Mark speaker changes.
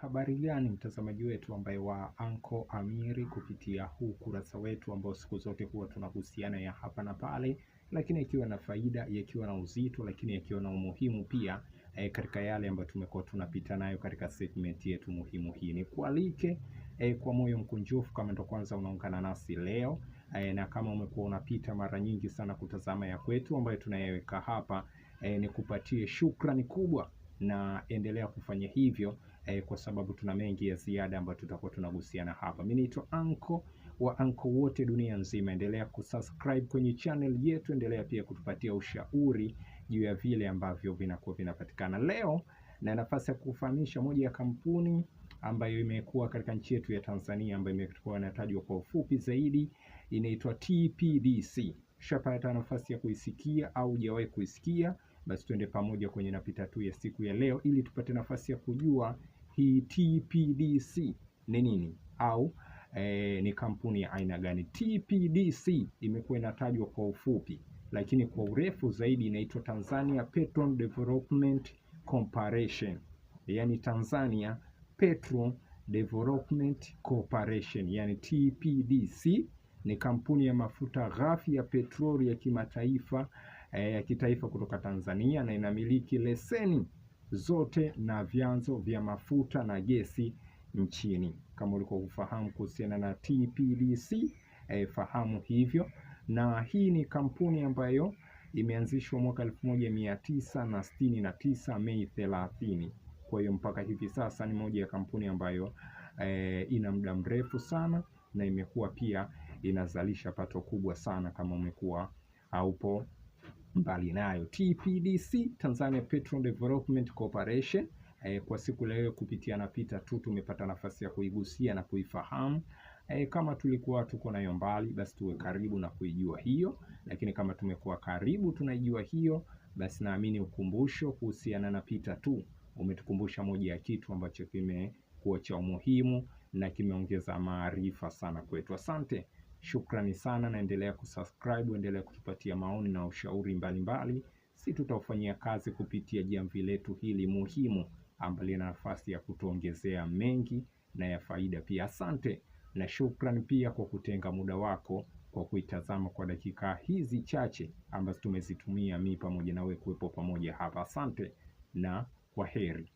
Speaker 1: Habari gani mtazamaji wetu ambaye wa Anko Amiri kupitia huu kurasa wetu ambao siku zote huwa tunahusiana ya hapa na pale, lakini ikiwa na faida, yakiwa na uzito, lakini yakiwa na umuhimu pia eh, katika yale ambayo tumekuwa tunapita nayo katika segment yetu muhimu hii. Ni kualike eh, kwa moyo mkunjufu kama ndo kwanza unaungana nasi leo eh, na kama umekuwa unapita mara nyingi sana kutazama ya kwetu ambayo tunayaweka hapa ni eh, nikupatie shukrani kubwa na endelea kufanya hivyo eh, kwa sababu tuna mengi ya ziada ambayo tutakuwa tunagusiana hapa. Mimi naitwa Anko wa Anko wote dunia nzima, endelea kusubscribe kwenye channel yetu, endelea pia kutupatia ushauri juu ya vile ambavyo vinakuwa vinapatikana. Leo na nafasi ya kufahamisha moja ya kampuni ambayo imekuwa katika nchi yetu ya Tanzania ambayo imekuwa inatajwa kwa ufupi zaidi inaitwa TPDC. Shapata nafasi ya kuisikia au hujawahi kuisikia? Basi tuende pamoja kwenye napita tu ya siku ya leo, ili tupate nafasi ya kujua hii TPDC ni nini au e, ni kampuni ya aina gani? TPDC imekuwa inatajwa kwa ufupi, lakini kwa urefu zaidi inaitwa Tanzania Petrol Development Corporation, yani Tanzania Petrol Development Corporation, yani TPDC ni kampuni ya mafuta ghafi ya petroli ya kimataifa eh, ya kitaifa kutoka Tanzania na inamiliki leseni zote na vyanzo vya mafuta na gesi nchini. Kama ulikofahamu kuhusiana na TPDC eh, fahamu hivyo, na hii ni kampuni ambayo imeanzishwa mwaka 1969 Mei 30. Kwa hiyo mpaka hivi sasa ni moja ya kampuni ambayo eh, ina muda mrefu sana na imekuwa pia inazalisha pato kubwa sana kama umekuwa haupo mbali nayo TPDC, Tanzania Petroleum Development Corporation. E, kwa siku leo kupitia na pita tu tumepata nafasi ya kuigusia na kuifahamu. E, kama tulikuwa tuko nayo mbali, basi tuwe karibu na kuijua hiyo, lakini kama tumekuwa karibu tunaijua hiyo, basi naamini ukumbusho kuhusiana na pita tu umetukumbusha moja ya kitu ambacho kimekuwa cha umuhimu na kimeongeza maarifa sana kwetu. Asante. Shukrani sana, naendelea kusubscribe, endelea kutupatia maoni na ushauri mbalimbali, si tutaufanyia kazi kupitia jamvi letu hili muhimu ambalo lina nafasi ya kutuongezea mengi na ya faida pia. Asante na shukrani pia kwa kutenga muda wako kwa kuitazama kwa dakika hizi chache ambazo tumezitumia mi pamoja na wewe kuwepo pamoja hapa. Asante na kwa heri.